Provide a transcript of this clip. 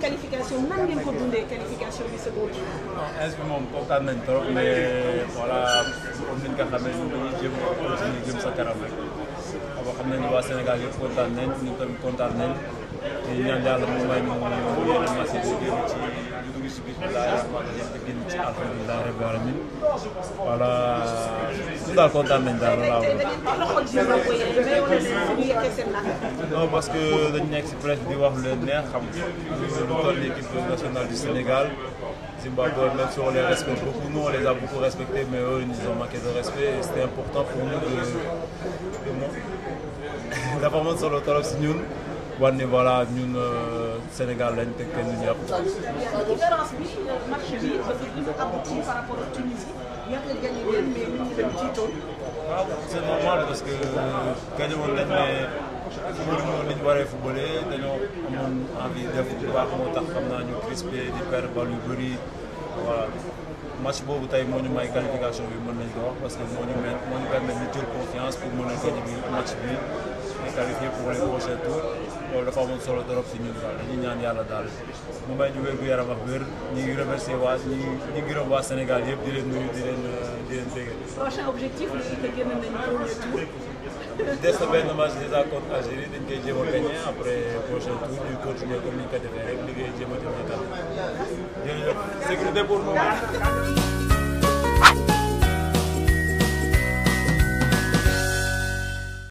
qualification nan ngeen ko dundee qualification bi second tour. non est-ce que moom kontaan nañ trop mais voilà comme ni nga xamee ñun dañuy jëm continuer jëm sa kanam rek boo xam ne waa Sénégal yëpp kontaan nañ ñun tamit kontaan nañ te ñaan yàlla mu may ñu yéen a marché bi génn ci dugg si bismillah rahmaan rahim te génn ci alhamdulilah rabbil alamin voilà. daal kontaan nañ daal waaw. non parce que dañ nekk si presse di wax leen neex xam lu toll l'équipe nationale du Sénégal Zimbabwe même si on respecte beaucoup nous on les a beaucoup respect et c'était important pour nous de de moom dafa amoon solo si ñun. wan ni voilà ñun euh, Sénégal lañ teg kenn du ñëpp. différence bi euh, match bi parce que li mu abouti par rapport ak Tunisie yàgg gagné leen mais ñun ñu dem tiitoon. waaw c'est normal parce que euh, gagné woon nañ mais football noonu liñ waree footballé dañoo amoon envie def bu baax moo tax xam naa ñu crispé di perdre bal yu bëri voilà. match boobu tey moo ñu may qualification bi mën nañ ko wax parce que moo ñu mel moo ñu permettre ñu jël confiance pour mën a gagner bi match bi. ay tarif yëpp wane ko seen tour loolu dafa amoon solo trop si ñun daal dañuy ñaan yàlla daal mu may ñu wér gu yaram ak wér ñu ngi remercier waa ñu ngi gërëm waa Sénégal yëpp di leen nuyu di leen di leen dégg. prochain objectif génn nañu premier tour. des na benn match déjà contre Algérie dañ koy jéem a gagné après prochain tour ñu continuer comme ni ñu ko defee rek liggéey jéem a def ñu tànn jërëjëf sécurité pour nous.